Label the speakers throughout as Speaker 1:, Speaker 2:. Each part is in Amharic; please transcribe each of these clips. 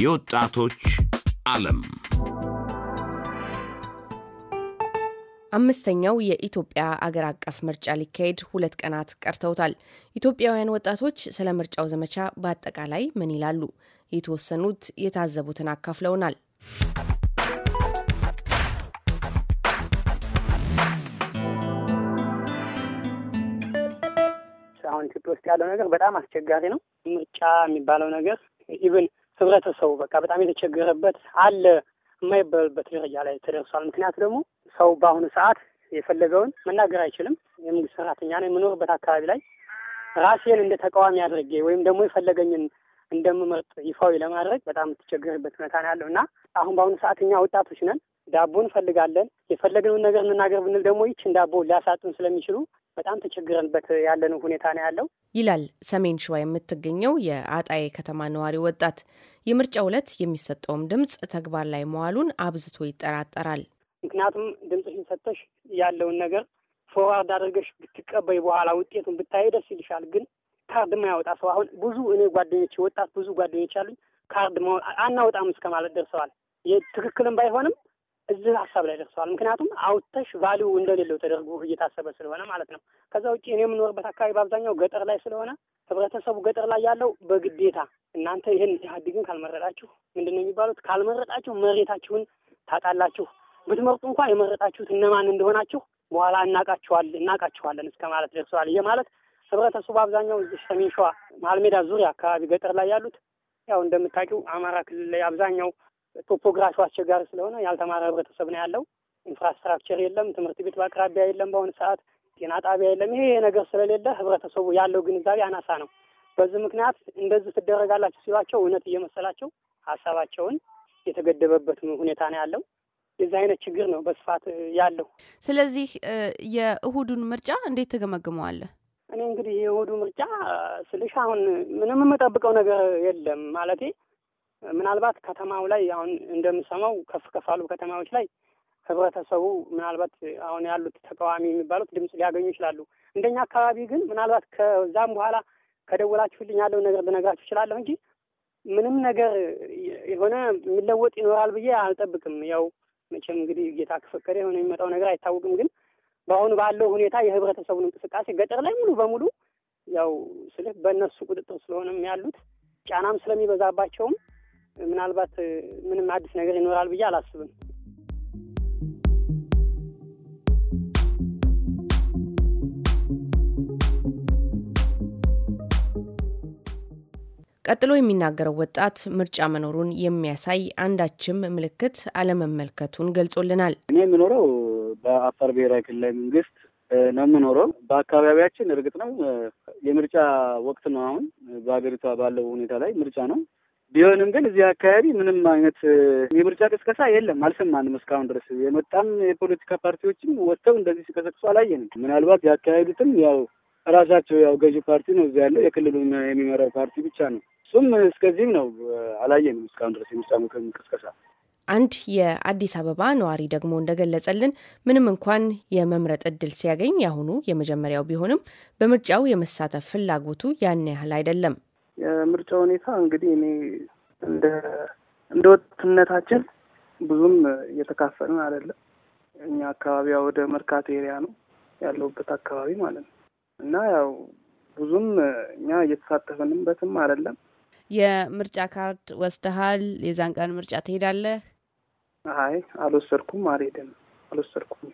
Speaker 1: የወጣቶች ዓለም
Speaker 2: አምስተኛው የኢትዮጵያ አገር አቀፍ ምርጫ ሊካሄድ ሁለት ቀናት ቀርተውታል። ኢትዮጵያውያን ወጣቶች ስለ ምርጫው ዘመቻ በአጠቃላይ ምን ይላሉ? የተወሰኑት የታዘቡትን አካፍለውናል።
Speaker 3: አሁን ኢትዮጵያ ውስጥ ያለው ነገር በጣም አስቸጋሪ ነው። ምርጫ የሚባለው ነገር ኢቨን ህብረተሰቡ በቃ በጣም የተቸገረበት አለ የማይበልበት ደረጃ ላይ ተደርሷል። ምክንያቱ ደግሞ ሰው በአሁኑ ሰዓት የፈለገውን መናገር አይችልም። የመንግስት ሰራተኛ ነው። የምኖርበት አካባቢ ላይ ራሴን እንደ ተቃዋሚ አድርጌ ወይም ደግሞ የፈለገኝን እንደምመርጥ ይፋዊ ለማድረግ በጣም የምትቸገርበት ሁኔታ ነው ያለው እና አሁን በአሁኑ ሰዓት እኛ ወጣቶች ነን ዳቦ እንፈልጋለን። የፈለግነውን ነገር እንናገር ብንል ደግሞ ይችን ዳቦ ሊያሳጡን ስለሚችሉ በጣም ተቸግረንበት ያለን ሁኔታ ነው ያለው
Speaker 2: ይላል ሰሜን ሸዋ የምትገኘው የአጣዬ ከተማ ነዋሪ ወጣት። የምርጫው ዕለት የሚሰጠውም ድምፅ ተግባር ላይ መዋሉን አብዝቶ ይጠራጠራል።
Speaker 3: ምክንያቱም ድምፅሽን ሰጥተሽ ያለውን ነገር ፎርዋርድ አድርገሽ ብትቀበይ በኋላ ውጤቱን ብታይ ደስ ይልሻል። ግን ካርድ ማያወጣ ሰው አሁን ብዙ እኔ ጓደኞች ወጣት ብዙ ጓደኞች አሉኝ ካርድ አናወጣም እስከ ማለት ደርሰዋል። ትክክልም ባይሆንም እዚህ ሀሳብ ላይ ደርሰዋል። ምክንያቱም አውጥተሽ ቫሊዩ እንደሌለው ተደርጎ እየታሰበ ስለሆነ ማለት ነው። ከዛ ውጭ እኔ የምኖርበት አካባቢ በአብዛኛው ገጠር ላይ ስለሆነ ህብረተሰቡ ገጠር ላይ ያለው በግዴታ እናንተ ይህን ኢህአዴግን ካልመረጣችሁ ምንድን ነው የሚባሉት ካልመረጣችሁ መሬታችሁን ታጣላችሁ፣ ብትመርጡ እንኳ የመረጣችሁት እነማን እንደሆናችሁ በኋላ እናቃችኋል እናቃችኋለን እስከ ማለት ደርሰዋል። ይሄ ማለት ህብረተሰቡ በአብዛኛው ሰሜን ሸዋ መሀል ሜዳ ዙሪያ አካባቢ ገጠር ላይ ያሉት ያው እንደምታውቂው አማራ ክልል ላይ አብዛኛው ቶፖግራፊቸው ጋር ስለሆነ ያልተማረ ህብረተሰብ ነው ያለው። ኢንፍራስትራክቸር የለም፣ ትምህርት ቤት በአቅራቢያ የለም፣ በአሁኑ ሰዓት ጤና ጣቢያ የለም። ይሄ ነገር ስለሌለ ህብረተሰቡ ያለው ግንዛቤ አናሳ ነው። በዚህ ምክንያት እንደዚህ ትደረጋላችሁ ሲሏቸው እውነት እየመሰላቸው ሀሳባቸውን የተገደበበት ሁኔታ ነው ያለው። የዚህ አይነት ችግር ነው በስፋት ያለው።
Speaker 2: ስለዚህ የእሁዱን ምርጫ እንዴት ትገመግመዋለህ?
Speaker 3: እኔ እንግዲህ የእሁዱ ምርጫ ስልሽ አሁን ምንም የምጠብቀው ነገር የለም ማለቴ ምናልባት ከተማው ላይ አሁን እንደምሰማው ከፍ ከፍ አሉ ከተማዎች ላይ ህብረተሰቡ ምናልባት አሁን ያሉት ተቃዋሚ የሚባሉት ድምፅ ሊያገኙ ይችላሉ። እንደኛ አካባቢ ግን ምናልባት ከዛም በኋላ ከደወላችሁልኝ ያለው ነገር ልነግራችሁ ይችላለሁ እንጂ ምንም ነገር የሆነ የሚለወጥ ይኖራል ብዬ አልጠብቅም። ያው መቼም እንግዲህ ጌታ ከፈቀደ የሆነ የሚመጣው ነገር አይታወቅም። ግን በአሁኑ ባለው ሁኔታ የህብረተሰቡን እንቅስቃሴ ገጠር ላይ ሙሉ በሙሉ ያው ስልህ በእነሱ ቁጥጥር ስለሆነም ያሉት ጫናም ስለሚበዛባቸውም ምናልባት ምንም አዲስ ነገር ይኖራል ብዬ አላስብም።
Speaker 2: ቀጥሎ የሚናገረው ወጣት ምርጫ መኖሩን የሚያሳይ አንዳችም ምልክት አለመመልከቱን ገልጾልናል።
Speaker 1: እኔ የምኖረው በአፋር ብሔራዊ ክልላዊ መንግስት ነው የምኖረው። በአካባቢያችን እርግጥ ነው የምርጫ ወቅት ነው። አሁን በሀገሪቷ ባለው ሁኔታ ላይ ምርጫ ነው። ቢሆንም ግን እዚህ አካባቢ ምንም አይነት የምርጫ ቅስቀሳ የለም፣ አልሰማንም። እስካሁን ድረስ የመጣም የፖለቲካ ፓርቲዎችም ወጥተው እንደዚህ ሲቀሰቅሱ አላየንም። ምናልባት ያካሄዱትም ያው ራሳቸው ያው ገዢ ፓርቲ ነው እዚህ ያለው የክልሉን የሚመራው ፓርቲ ብቻ ነው። እሱም እስከዚህም ነው፣ አላየንም እስካሁን ድረስ የምርጫ ቅስቀሳ።
Speaker 2: አንድ የአዲስ አበባ ነዋሪ ደግሞ እንደገለጸልን ምንም እንኳን የመምረጥ እድል ሲያገኝ ያሁኑ የመጀመሪያው ቢሆንም በምርጫው የመሳተፍ ፍላጎቱ ያን ያህል አይደለም። የምርጫ
Speaker 1: ሁኔታ እንግዲህ እኔ እንደ እንደ ወጣትነታችን ብዙም እየተካፈልን አይደለም። እኛ አካባቢ ያው ወደ መርካቶ ኤሪያ ነው ያለውበት አካባቢ ማለት ነው እና ያው ብዙም እኛ እየተሳተፍንበትም አይደለም።
Speaker 2: የምርጫ ካርድ ወስደሃል? የዛን ቀን ምርጫ ትሄዳለህ?
Speaker 1: አይ አልወሰድኩም፣ አልሄድም፣ አልወሰድኩም።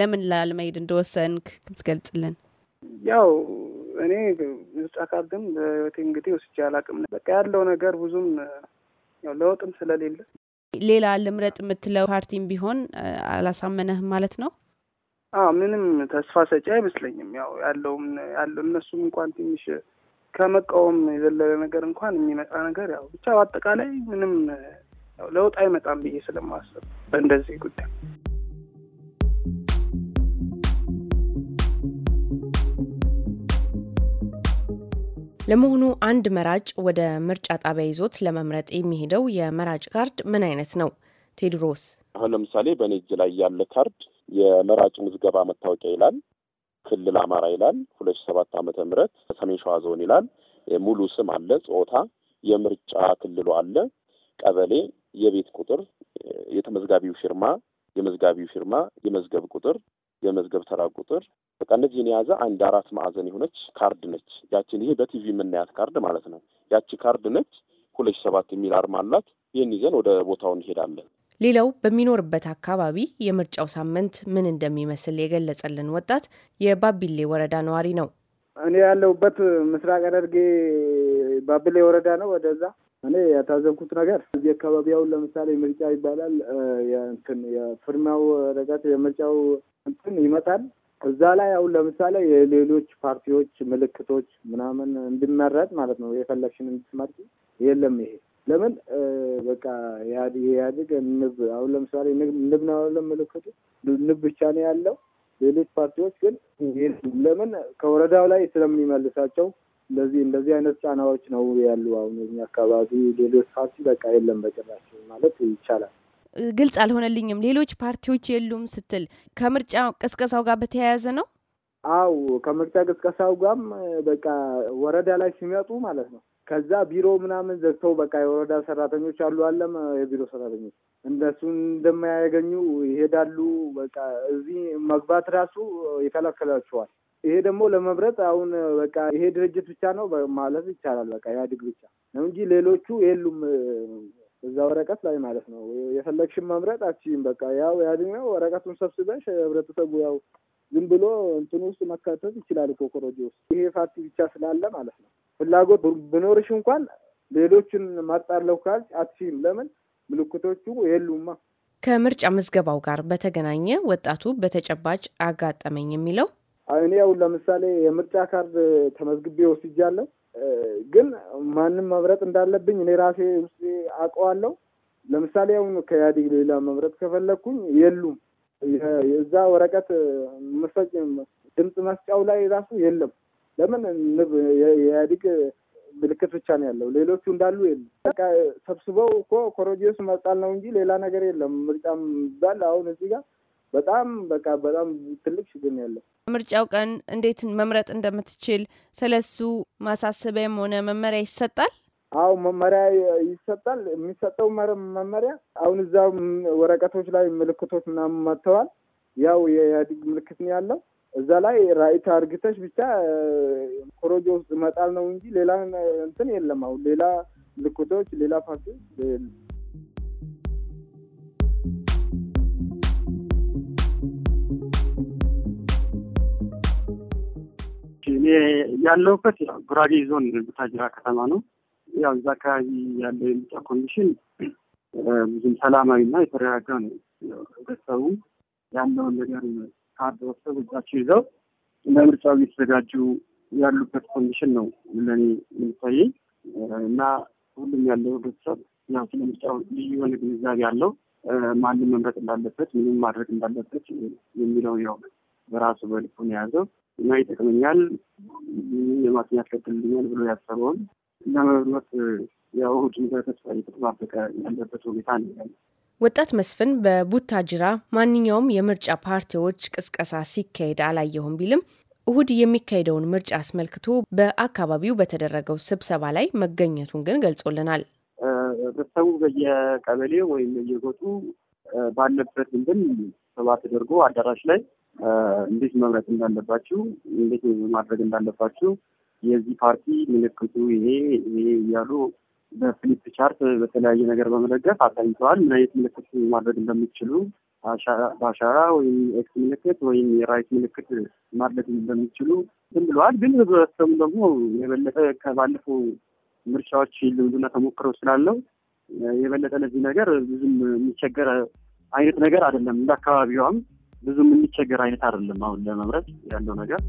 Speaker 2: ለምን ላለመሄድ እንደወሰንክ ትገልጽልን?
Speaker 1: ያው እኔ ምስጫካ ግን በህይወቴ እንግዲህ ወስጄ አላውቅም። በቃ ያለው ነገር ብዙም ለውጥም ስለሌለ
Speaker 2: ሌላ ልምረጥ የምትለው ፓርቲም ቢሆን አላሳመነህም ማለት ነው?
Speaker 1: አዎ ምንም ተስፋ ሰጪ አይመስለኝም። ያው ያለውም ያለው እነሱም እንኳን ትንሽ ከመቃወም የዘለለ ነገር እንኳን የሚመጣ ነገር ያው ብቻ በአጠቃላይ ምንም ለውጥ አይመጣም ብዬ ስለማስብ በእንደዚህ ጉዳይ
Speaker 2: ለመሆኑ አንድ መራጭ ወደ ምርጫ ጣቢያ ይዞት ለመምረጥ የሚሄደው የመራጭ ካርድ ምን አይነት ነው? ቴድሮስ
Speaker 4: አሁን ለምሳሌ በእኔ እጅ ላይ ያለ ካርድ የመራጭ ምዝገባ መታወቂያ ይላል፣ ክልል አማራ ይላል፣ ሁለት ሺ ሰባት ዓመተ ምህረት ሰሜን ሸዋ ዞን ይላል፣ ሙሉ ስም አለ፣ ጾታ፣ የምርጫ ክልሉ አለ፣ ቀበሌ፣ የቤት ቁጥር፣ የተመዝጋቢው ፊርማ፣ የመዝጋቢው ፊርማ፣ የመዝገብ ቁጥር፣ የመዝገብ ተራ ቁጥር በቃ እነዚህን የያዘ አንድ አራት ማዕዘን የሆነች ካርድ ነች። ያችን ይሄ በቲቪ የምናያት ካርድ ማለት ነው። ያቺ ካርድ ነች። ሁለት ሰባት የሚል አርማ አላት። ይህን ይዘን ወደ ቦታው እንሄዳለን።
Speaker 2: ሌላው በሚኖርበት አካባቢ የምርጫው ሳምንት ምን እንደሚመስል የገለጸልን ወጣት የባቢሌ ወረዳ ነዋሪ ነው።
Speaker 1: እኔ ያለሁበት ምስራቅ ሐረርጌ ባቢሌ ወረዳ ነው። ወደዛ እኔ ያታዘብኩት ነገር እዚህ አካባቢ አሁን ለምሳሌ ምርጫ ይባላል። እንትን የፍርማው ረጋት የምርጫው እንትን ይመጣል። እዛ ላይ አሁን ለምሳሌ የሌሎች ፓርቲዎች ምልክቶች ምናምን እንድመረጥ ማለት ነው የፈለግሽን እንድትመርጥ የለም። ይሄ ለምን በቃ የኢህአዴግ ንብ አሁን ለምሳሌ ንብ ነው ምልክቱ ንብ ብቻ ነው ያለው። ሌሎች ፓርቲዎች ግን ለምን ከወረዳው ላይ ስለምንመልሳቸው እንደዚህ እንደዚህ አይነት ጫናዎች ነው ያሉ። አሁን የኛ አካባቢ ሌሎች ፓርቲ በቃ የለም በጭራሽ ማለት ይቻላል።
Speaker 2: ግልጽ አልሆነልኝም። ሌሎች ፓርቲዎች የሉም ስትል ከምርጫ ቅስቀሳው ጋር በተያያዘ ነው?
Speaker 1: አው ከምርጫ ቅስቀሳው ጋም በቃ ወረዳ ላይ ሲመጡ ማለት ነው ከዛ ቢሮ ምናምን ዘግተው በቃ የወረዳ ሰራተኞች አሉ አለም የቢሮ ሰራተኞች እነሱን እንደማያገኙ ይሄዳሉ። በቃ እዚህ መግባት ራሱ ይከለክላቸዋል። ይሄ ደግሞ ለመምረጥ አሁን በቃ ይሄ ድርጅት ብቻ ነው ማለት ይቻላል። በቃ ኢህአዴግ ብቻ ነው እንጂ ሌሎቹ የሉም እዛ ወረቀት ላይ ማለት ነው። የፈለግሽን መምረጥ አችም በቃ ያው ኢህአዴግ ነው። ወረቀቱን ሰብስበሽ ህብረተሰቡ ያው ዝም ብሎ እንትን ውስጥ መካተት ይችላል እኮ ኮረጆ ውስጥ ይሄ ፓርቲ ብቻ ስላለ ማለት ነው። ፍላጎት ብኖርሽ እንኳን ሌሎችን ማጣለው ካልሽ አትሽም። ለምን ምልክቶቹ የሉማ።
Speaker 2: ከምርጫ ምዝገባው ጋር በተገናኘ ወጣቱ በተጨባጭ አጋጠመኝ የሚለው
Speaker 1: እኔ ያው ለምሳሌ የምርጫ ካርድ ተመዝግቤ ወስጃለሁ፣ ግን ማንም መምረጥ እንዳለብኝ እኔ ራሴ ውስጤ አውቀዋለሁ። ለምሳሌ አሁን ከኢህአዴግ ሌላ መምረጥ ከፈለግኩኝ የሉም። እዛ ወረቀት ድምፅ መስጫው ላይ ራሱ የለም። ለምን የኢህአዴግ ምልክት ብቻ ነው ያለው። ሌሎቹ እንዳሉ የለም። በቃ ሰብስበው እኮ ኮሮጆስ መጣል ነው እንጂ ሌላ ነገር የለም። ምርጫም ይባል አሁን እዚህ ጋር በጣም በቃ በጣም ትልቅ ችግር ያለው።
Speaker 2: ምርጫው ቀን እንዴት መምረጥ እንደምትችል ስለሱ ማሳሰቢያም ሆነ መመሪያ ይሰጣል።
Speaker 1: አው መመሪያ ይሰጣል። የሚሰጠው መመሪያ አሁን እዛ ወረቀቶች ላይ ምልክቶች ምናምን መጥተዋል። ያው የኢህአዴግ ምልክት ነው ያለው እዛ ላይ ራይት አርግተሽ ብቻ ኮሮጆ ውስጥ መጣል ነው እንጂ ሌላ እንትን የለም። አሁን ሌላ ምልክቶች፣ ሌላ ፓርቲዎች
Speaker 4: ያለሁበት ጉራጌ ዞን ቡታጅራ ከተማ ነው። ያው እዛ አካባቢ ያለው የምርጫ ኮንዲሽን ብዙም እና የተረጋጋ ነው። ህብረተሰቡ ያለውን ነገር ካርድ ወሰብ እጃቸው ይዘው ለምርጫው እየተዘጋጁ ያሉበት ኮንዲሽን ነው ለእኔ የሚታየኝ እና ሁሉም ያለው ህብረተሰብ ያው ስለ ምርጫው ልዩ የሆነ ግንዛቤ ያለው ማንም መምረጥ እንዳለበት ምንም ማድረግ እንዳለበት የሚለው ያው በራሱ በልቡ የያዘው። እና ይጠቅመኛል፣ ልማትን ያስከትልልኛል ብሎ ያሰበውን ለመብሎት የውሁድን ተስፋ እየተጠባበቀ ያለበት ሁኔታ ነው
Speaker 2: ወጣት መስፍን በቡታጅራ ማንኛውም የምርጫ ፓርቲዎች ቅስቀሳ ሲካሄድ አላየሁም ቢልም እሁድ የሚካሄደውን ምርጫ አስመልክቶ በአካባቢው በተደረገው ስብሰባ ላይ መገኘቱን ግን ገልጾልናል።
Speaker 4: ህብረተሰቡ በየቀበሌ ወይም በየጎጡ ባለበት እንትን ስብሰባ ተደርጎ አዳራሽ ላይ መምረጥ እንዳለባችሁ፣ እንዴት ማድረግ እንዳለባችሁ የዚህ ፓርቲ ምልክቱ ይሄ ይሄ እያሉ በፍሊፕ ቻርት በተለያየ ነገር በመለገፍ አሳይተዋል። ምን አይነት ምልክት ማድረግ እንደሚችሉ በአሻራ ወይም ኤክስ ምልክት ወይም የራይት ምልክት ማድረግ እንደሚችሉ ዝም ብለዋል። ግን ህብረተሰቡ ደግሞ የበለጠ ከባለፉ ምርጫዎች ልምዱና ተሞክሮ ስላለው የበለጠ ለዚህ ነገር ብዙም የሚቸገር አይነት ነገር አይደለም እንደ አካባቢዋም ብዙ የምንቸገር አይነት አይደለም። አሁን ለመምረጥ ያለው ነገር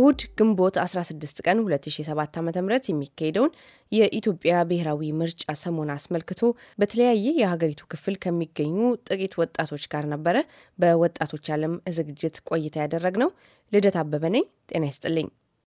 Speaker 2: እሁድ ግንቦት 16 ቀን 2007 ዓ ም የሚካሄደውን የኢትዮጵያ ብሔራዊ ምርጫ ሰሞን አስመልክቶ በተለያየ የሀገሪቱ ክፍል ከሚገኙ ጥቂት ወጣቶች ጋር ነበረ በወጣቶች ዓለም ዝግጅት ቆይታ ያደረግ ነው። ልደት አበበ ነኝ። ጤና ይስጥልኝ።